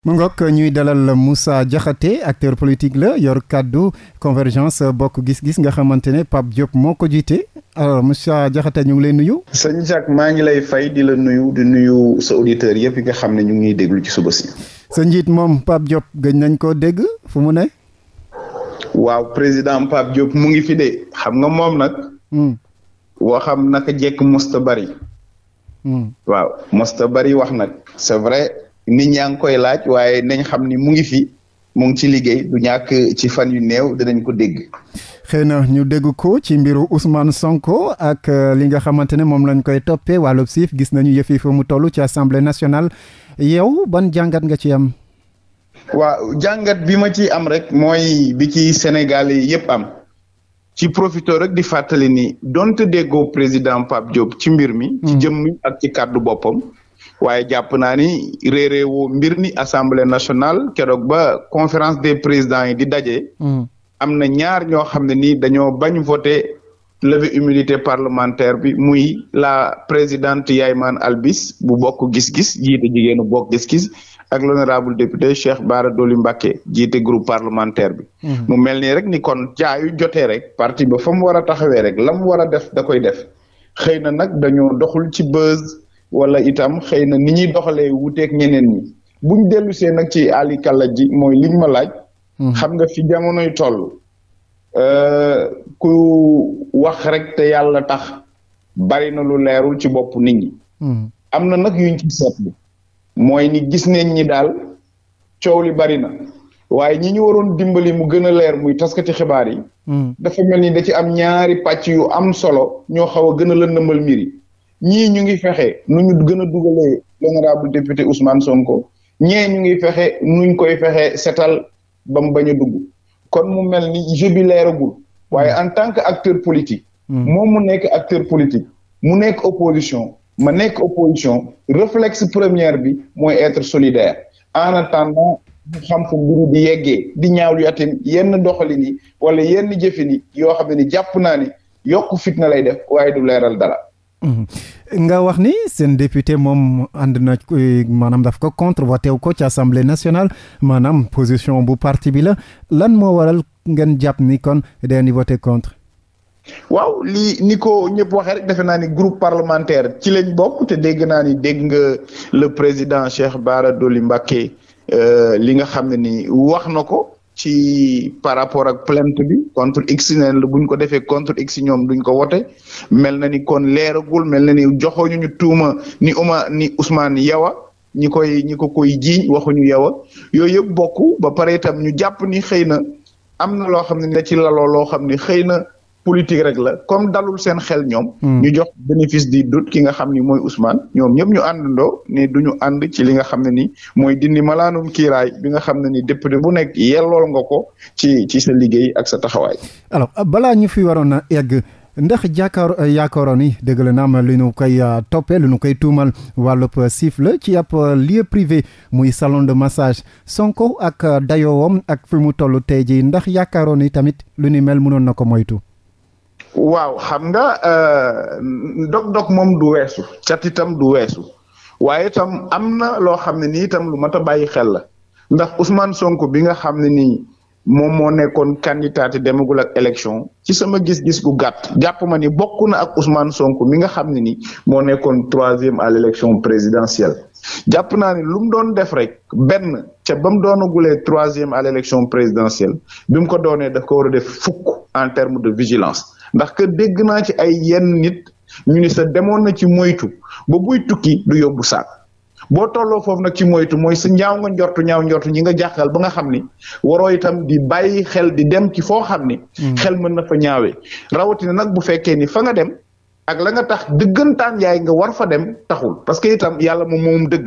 mu ngoog ñuy dalal Moussa Diakhaté acteur politique la yor kàddu convergence bokk gis-gis nga xamante ne Pape Diop moo ko jiite alors jaxate ñu ngi lay nuyu. sëñ Jacques maa ngi lay fay di la nuyu di nuyu sa auditeurs yëpp yi nga xam ne ñu ngi déglu ci suba si. sa njiit moom Pape Diop gëj nañ koo dégg fu mu ne. waaw président Pape Diop mu ngi fi de xam nga moom nag. Hmm. woo xam naka jekk mosta bari. Hmm. waaw mosta bari wax nag c'est vrai. nit ñaa ngi koy laaj waaye nañ xam ni mu ngi fi mu ngi ci liggéey du ñàkk ci fan yu néew danañ ko dégg. xëy na ñu dégg ko ci mbiru Ousmane Sonko ak euh, li nga xamante ne moom lañ koy toppee wàllu siif gis nañu yëf yi fa mu tollu ci assemblée nationale yow ban jàngat nga ci am. waa jàngat bi ma ci am rek mooy bi ci Sénégal yi yëpp am ci profito rek di fàttali ni donte déggoo président Pape Diop ci mbir mi. ci hmm. jëmm ak ci kàddu boppam. waaye jàpp naa ni réeré woo mbir ni assemblée nationale keroog ba conférence des président yi di daje. Hmm. am na ñaar ñoo xam ne nii dañoo bañ voté levée immunité parlementaire bi muy la présidente Yayman Albis bu bokk gis-gis jiite jigéenu bokk gis-gis ak l'honorable député Cheikh Bara Dolly Mbacké jiite groupe parlementaire bi. Hmm. mu mel nii rek ni kon jaayu jotee rek. parti ba fa mu war a taxawee rek la mu war a def da koy def xëy na nag dañoo doxul ci buzz. wala itam xëy na ni ñuy doxalee wuteeg ñeneen ñi buñ dellusee nag ci Ali Kala ji mooy liñ ma laaj. Hmm. xam nga fi jamonoy toll. Euh, ku wax rek te yàlla tax bari na lu leerul ci bopp nit ñi. Hmm. am na nag yuñ ci seetlu. mooy ni gis neen ñi daal coow li bari na waaye ñi ñu waroon dimbali mu gën a leer muy taskati xibaar yi. Hmm. dafa mel ni da ci am ñaari pàcc yu am solo ñoo xaw a gën a lëndëmal miiri ñii ñu ngi fexe nu ñu gën a dugalee l'honorable député Ousmane Sonko ñee ñu ngi fexe nuñ koy fexe setal ba mu bañ a dugg kon mu mel ni jeu bi leeragul waaye en tant que acteur politique. Hmm. moom mu nekk acteur politique mu nekk opposition ma nekk opposition réflexe première bi mooy être solidaire en attendant ñu xam fu mbiru di yeggee di ñaawlu yatim yenn doxalin yi wala yenn jëfin yi yoo xam ne ni jàpp naa ni yokk fitna lay def waaye du leeral dara. Mhm. nga wax ni seen député moom ànd na eh, maanaam daf ko contre voté wu ko ci assemblée nationale maanaam position bu parti bi la lan moo waral ngeen jàpp ni kon da ni voté contre. waaw lii ni ko ñëpp waxee rek defe naa ni groupe parlementaire ci leen bokk te dégg naa ni dégg nga le président Cheikh baara Dolly Mbacké euh, li nga xam ne ni wax na ko. ci par rapport ak plainte bi contre x na la buñ ko defee contre x ñoom duñ ko woote mel na ni kon leeragul mel na ni joxoñu ñu tuuma ni uma ni Ousmane Yawa ñi koy ñi ko koy jiiñ waxuñu Yawa yooyu yëpp bokk ba pare itam ñu jàpp ni xëy na am na loo xam ne da ci laloo loo xam ne xëy na politique rek la comme dalul seen xel ñoom. Hmm. ñu jox bénéfice du doute ki nga xam ni mooy Ousmane ñoom ñëpp ñu àndandoo ne du ñu ànd ci li nga xam ne ni mooy dindi malaanum kiiraay bi nga xam ne ni député bu nekk yellool nga ko ci ci sa liggéey ak sa taxawaay. alors balaa ñu fi waroon a egg. ndax jàkkaar euh, yaakaaroon ni dëgg la naam li nu koy euh, toppee li ñu koy tuumal wàllub euh, sifflet ci ab lieu privé muy salon de massage Sonko ak dayoowam ak fi mu toll tey jii ndax yaakaaroon ni tamit lu ni mel mënoon na ko moytu. waaw xam nga dog-dog euh, moom du weesu cat itam du weesu waaye itam am na loo xam ne nii itam lu mat a bàyyi xel la ndax Ousmane Sonko bi nga xam ne nii moom moo nekkoon candidat demagul ak élection ci sama gis-gis gu gàtt jàpp ma ni bokk na ak Ousmane Sonko mi nga xam ne ni moo nekkoon troisième à l' présidentielle jàpp naa ni lu mu doon def rek benn ca bam mu doonagulee troisième à l' présidentielle bi mu ko doonee daf ko war a def fukk en terme de vigilance ndax que dégg naa ci ay yenn nit ñu sa demoon na ci moytu ba buy tukki du yóbbu saak boo tolloo foofu nag ci moytu mooy sa ñaaw nga njortu ñaaw njortu ñi nga jàqal ba nga xam ni waroo itam di bàyyi xel di dem ci foo xam ni. Mm. xel mën na fa ñaawee rawatina nag bu fekkee ni fa nga dem. ak la nga tax dëggantaan yaay nga war fa dem taxul parce que itam yàlla moom moom dëgg.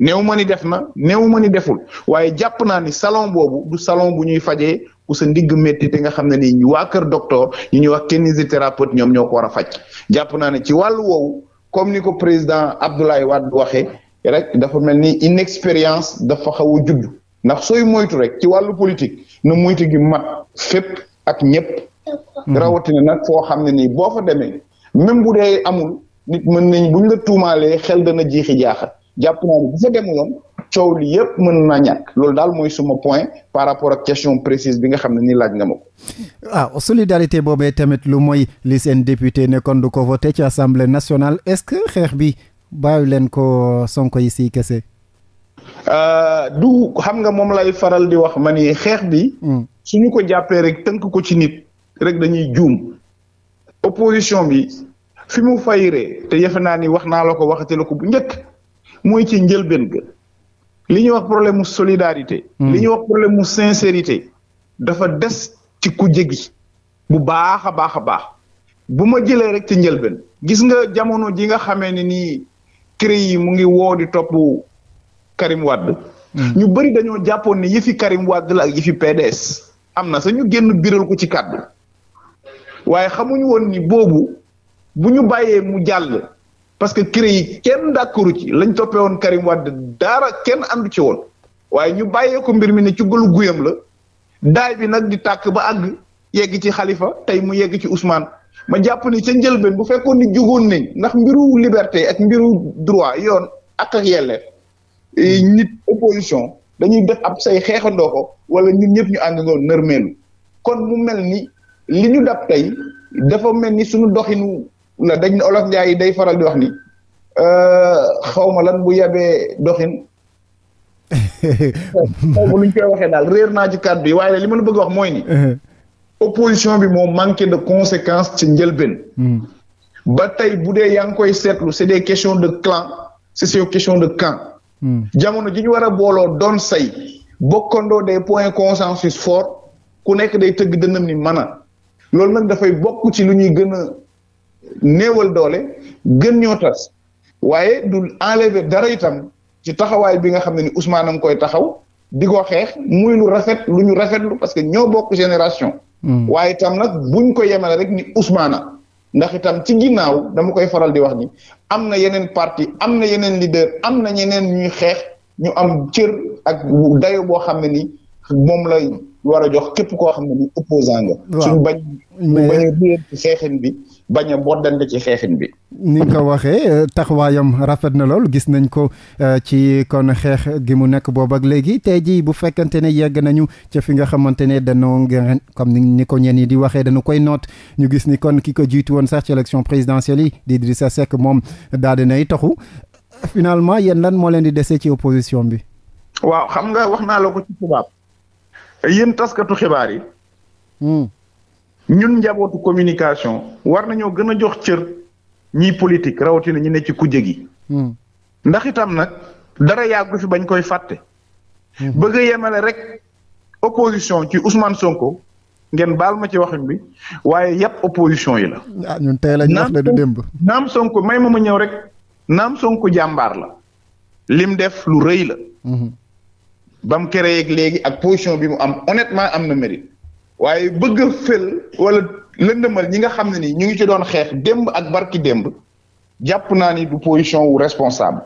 néew ma ni def na néew ma ni deful waaye jàpp naa ni salon boobu du salon bu ñuy fajee ku sa ndigg métti te nga xam ne nii waa kër doctor ñu ñuy wax kinésithérapeute ñoom ñoo ko war a faj jàpp naa ne ci wàllu woowu comme ni ko président Abdoulaye Wade waxee rek dafa mel ni inexpérience dafa xaw a judd ndax sooy moytu rek ci wàllu politique na moytu gi mat fépp ak ñëpp. Mm-hmm. rawatina nag foo xam ne nii boo fa demee même bu dee amul nit mën nañ buñ la tuumaalee xel dana jiixi jaaxa jàpp naa ne bu fa demuloon coow li yëpp mën naa ñàkk loolu daal mooy suma point par rapport ak question précise bi nga xam ne ni laaj nga ma ko. Ah, solidarité boobee tamit lu mooy li seen député nekkoon du ko voté ci assemblée nationale est-ce que xeex bi bàyyi leen ko sonk yi si kese. Euh, du xam nga moom lay faral di wax ma ni xeex bi. Hmm. ñu ko jàppee rek tënk ko ci nit rek dañuy juum. opposition bi fi mu fayree te yëfe naa ni wax naa la ko waxati la ko bu njëkk mooy ci njëlbeen ga li ñuy wax problème mu solidarité. Hmm. li ñuy wax problème mu sincérité. dafa des ci ku jegi bu baax a baax a baax bu ma jëlee rek ci njëlbeen gis nga jamono ji nga xamee ne nii CREI yi mu ngi woo di topp Karim Wade. Hmm. ñu mm. bëri dañoo jàppoon ne yëfi Karim Wade la ak yëfi PDS. am na sax ñu génn biral ko ci kàddu waaye xamuñu woon ni boobu bu ñu bàyyee mu jàll parce que CREI yi kenn d'accordu ci lañ toppee woon Karim Wade daara kenn andu ci woon waaye ñu bàyyee ko mbir mi ne ci gëlu guyam la daay bi nag di tàkk ba àgg yegg ci xalifa tey mu yegg ci Ousmane ma jàpp ni ca njëlbeen bu fekkoon ni jugoon nañ ndax mbiru liberté ak mbiru droit yoon ak ak yelleef eh, nit opposition dañuy def ab say xeexandoo ko wala nit ñëpp ñu àndandoo nërmeelu kon mu mel ni li ñu dab tey dafa mel ni suñu doxinu na dañ olof njaay day faral di wax ni euh, xaw ma lan bu yebee doxin xaw ma lu koy waxee daal réer naa ci bi yi waaye li ma la bëgg wax mooy ni opposition bi moom manqué de conséquence ci njëlbeen hmm. ba tey bu dee yaa ngi koy seetlu c'est des questions de clan c'est des questions de camp hmm. jamono ji ñu war a booloo doon say bokkandoo des points consensus fort ku nekk day tëgg dënnam ni mana loolu nag dafay bokk ci lu ñuy gën a néewal doole gën ñoo tas waaye du enlever dara itam ci taxawaay bi nga xam ne ni Ousmane am koy taxaw di ko xeex muy lu rafet lu ñu rafetlu parce que ñoo bokk génération. Hmm. waaye itam nag buñ ko yemale rek ni Ousmane ndax itam ci ginnaaw dama koy faral di wax ni am na yeneen partie am na yeneen leader am na ñeneen ñuy xeex ñu am cër ak dayo boo xam ne ni moom la. war a jox képp koo xam ne ni opposant nga. waaw suñu bañ. mais bañ a ci xeexin bi bañ a boddante ci xeexin bi. ni nga ko waxee euh, taxawaayam rafet na lool gis nañ ko euh, ci kon xeex gi mu nekk boobu ak léegi tey jii bu fekkante ne yegg nañu ca fi nga xamante ne danoo ngeen comme ni ko ñenn yi di waxee dañu koy noot ñu gis ni kon ki ko jiitu woon sax ci élection présidentielle yi di sa Seck moom daal dinay taxu finalement yéen lan moo leen di dese ci opposition bi. waaw xam nga wax naa la ko yéen taskatu xibaar yi. Hmm. ñun njabootu communication war nañoo gën a jox cër ñiy politique rawatina ñi ne ci kujje gi. Hmm. ndax itam nag dara yàggu fi bañ koy fàtte. Hmm. bëgg yemale rek opposition ci Ousmane Sonko ngeen baal ma ci waxin bi waaye yàpp opposition yi la. ah ñun tey lañ wax ne du démb. naam Sonko may ma ma ñëw rek naam Sonko jàmbaar la lim def lu rëy la. ba mu créé léegi ak position bi mu am honnêtement am na mérite waaye bëgg a fël wala lëndëmal ñi nga xam ne ni ñu ngi ci doon xeex démb ak barki démb jàpp naa ni du position wu responsable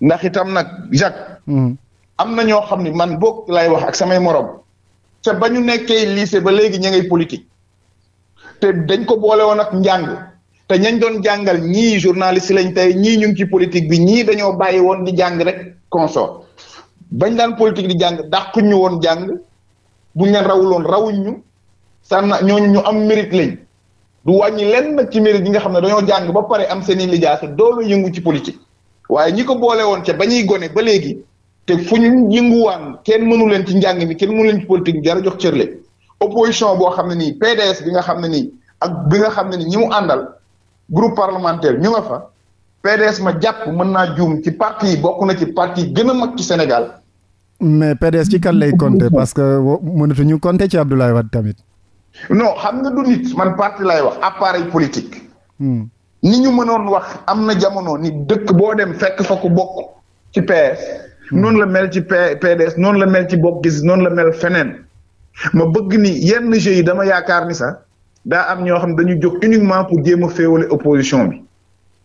ndax itam nag Jacques. Hmm. am na ñoo xam ne man boo lay wax ak samay morom. te ba ñu nekkee lycée ba léegi ña ngay politique te dañ ko boole woon ak njàng te ñañ doon jàngal ñii journaliste lañ tey ñii ñu ngi ci politique bi ñii dañoo bàyyi woon di jàng rek consort bañ daan politique di jàng dàquñ ñu woon jàng buñ leen rawuloon rawuñ ñu sànna ñooñu ñu am mérite lañ du wàññi lenn nag ci mérite yi nga xam ne dañoo jàng ba pare am seen i lijaasa doolu yëngu ci politique waaye ñi ko boole woon ca ba ñuy gone ba léegi te fu ñu yënguwaan kenn mënu leen ci njàng mi kenn mënu leen ci politique bi jara jox cërle opposition boo xam ne nii PDS bi nga xam ne nii ak bi nga xam ne ñi mu àndal groupe parlementaire ñu nga fa PDS ma jàpp mën naa juum ci parti yi bokk na ci parti gën a mag ci Sénégal. mais PDS ci kan lay compter parce que ñu compter ci Abdoulaye Wade tamit. non xam nga du nit man parti lay wax appareil politique. Hmm. ni ñu mënoon wax am na jamono ni dëkk boo dem fekk fa ku bokk ci PS. Hmm. noonu la mel ci P PDS noonu la mel ci bokk gis noonu la mel feneen. ma bëgg ni yenn jeux yi dama yaakaar ni sax daa am ñoo xam dañu jóg uniquement pour jéem a féewale opposition bi.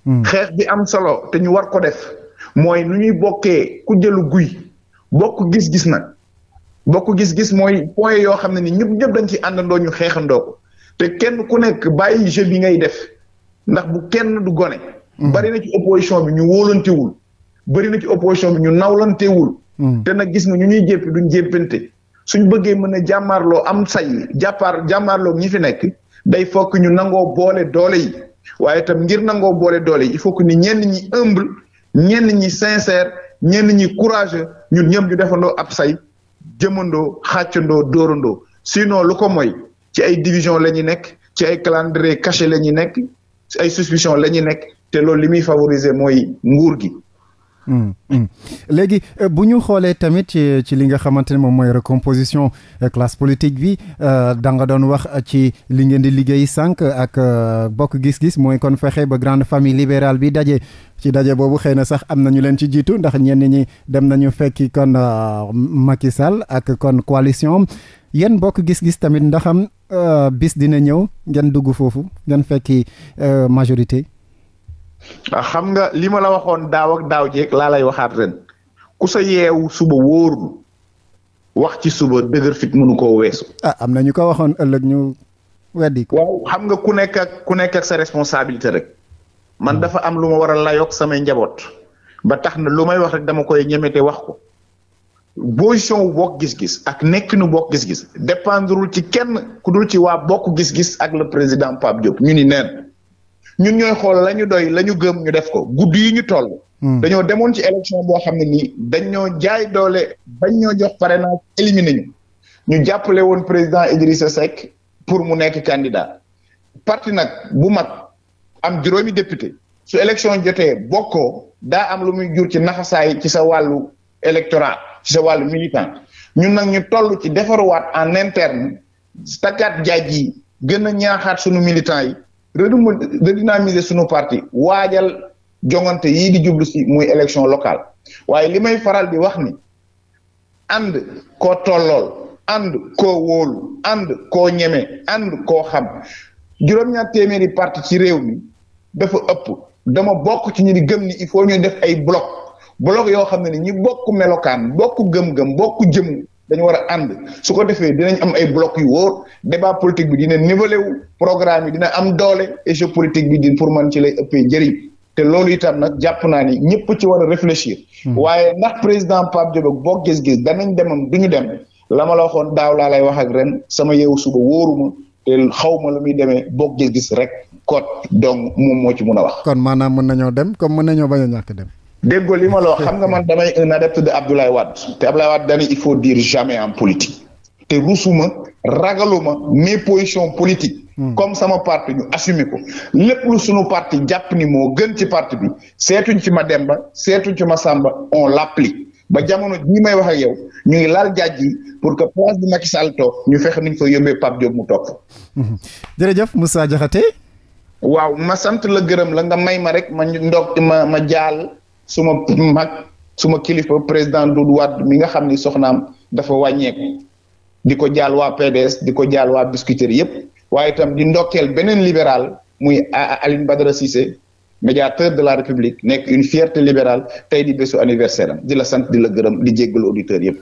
Hmm. xeex bi am solo te ñu war ko def mooy nu ñuy bokkee ku jëlu guy bokk gis-gis nag bokk gis-gis mooy point yoo xam ne ni ñëpp ñëpp dañ ci àndandoo ñu xeexandoo ko te kenn ku nekk bàyyi jeu yi ngay def ndax bu kenn du gone. Hmm. bari na ci opposition bi ñu wóolantewul bari na ci opposition bi ñu nawlantewul. Hmm. te nag gis nga ñu ñuy jéppi duñ jéppante suñ bëggee mën a jàmmaarloo am say jàppaar jàmmaarloo ñi fi nekk day fokk ñu nangoo boole doole yi. waaye itam ngir nangoo boole doole il faut que ni ñenn ñi humble ñenn ñi sincère ñenn ñi courageux ñun ñëpp ñu defandoo ab say jëmandoo xàccandoo dóorandoo sinon lu ko mooy ci ay division la ñu nekk ci ay calendrier caché la ñu nekk ci ay suspicion la ñu nekk te loolu li muy favoriser mooy nguur gi Mm, mm. léegi euh, bu ñu xoolee tamit ci ci li nga xamante ne moom mooy recomposition euh, classe politique bi euh, da nga doon wax ci li ngeen di liggéey sànq ak bokk gis-gis mooy kon fexe ba grande famille libérale bi daje. ci daje boobu xëy na sax am na ñu leen ci jiitu ndax ñenn ñi dem nañu fekki kon Macky Sall ak kon coalition am yéen bokk gis-gis tamit ndaxam bis dina ñëw ngeen dugg foofu ngeen fekki majorité. Ah, xam nga lii ma la waxoon daaw daaw jeeg laa lay waxaat ren ku sa yeewu suba wóorul wax ci suba dëgër fit mënu koo weesu. ah am na ñu ko waxoon ëllëg ñu weddi ko. waaw xam nga ku nekk ak ku nekk sa responsabilité rek man dafa am lu ma waral layook samay njaboot ba tax na lu may wax rek dama koy ñemete wax ko. position wu bokk gis-gis ak nekkinu bokk gis-gis dépendrul ci kenn ku dul ci waa bokk gis-gis ak la président Pape Diop ñu ni neen ñun ñooy xool la ñu doy la ñu gëm ñu def ko guddi yi ñu toll. Hmm. dañoo demoon ci élection boo xam ne nii dañoo jaay doole bañ ñoo jox pare éliminé ñu ñu jàppale woon président Idrissa Seck pour mu nekk candidat parti nag bu mag am juróomi député su élection jotee bokkoo daa am lu muy jur ci naxasaay ci sa wàllu électorat sa wàllu militant ñun nag ñu toll ci defaruwaat en interne takkaat jaaj yi gën a ñaaxaat sunu militant yi redum redynamiser suñu parti waajal jongante yii di jublu si muy élection locale waaye li may faral di wax ni ànd ko tollool ànd koo wóolu ànd koo ñeme ànd koo xam juróom-ñaar téeméeri parti ci réew mi dafa ëpp dama bokk ci ñi di gëm ni il faut ñuy def ay bloc bloc yoo xam ne ni ñi bokk melokaan bokk gëm-gëm bokk jëm dañu war a ànd su ko defee dinañ am ay bloc yu wóor débat politique bi dina nivelé wu programme yi dina am doole et jeu politique bi di pour man ci lay ëppee njëriñ te loolu itam nag jàpp naa ni ñëpp ci war a réfléchir. Hmm. waaye ndax président Pape Diop ak boo gis-gis danañ demam du ñu dem la ma la waxoon daaw laa lay wax ak ren sama yeewu suba wóoruma te xaw ma lu muy demee boo gis-gis rek kot donc moom moo ci mun a wax. kon maanaam mën nañoo dem comme mën nañoo bañ a ñàkk dem. déggoo li ma la wax xam nga man damay na adepte de Abdoulaye Wade te Abdoulaye Wade dani il faut dire jamais en politique te rusuma ragaluma mes positions politique hmm. comme sama parti ñu assumer ko lépp lu suñu parti jàpp ni moo gën ci parti bi seetuñ ci ma dem ba seetuñ ci ma Samba on l'applique ba jamono jii may waxee ak yow ñu ngi laal jaaj pour que place bi Macky Sall toog ñu fexe niñ ko yóbbee Pape Diop mu toog. Hmm. jërëjëf Moussa Diakhaté. waaw ma sant la gërëm la nga may ma rek ma ndog ma ma jaal. suma mag suma kilifa président Doudou Wade mi nga xam ni soxnaam dafa wàññeeku di ko jaal waa PDS di ko jaal waa Biscuiterie yépp waaye itam di ndokkeel beneen libéral muy Alioune Badara Cissé médiateur de la République nekk une fierté libéral tey di bésu anniversaire am di la sant di la gërëm di jéggalu auditeurs yépp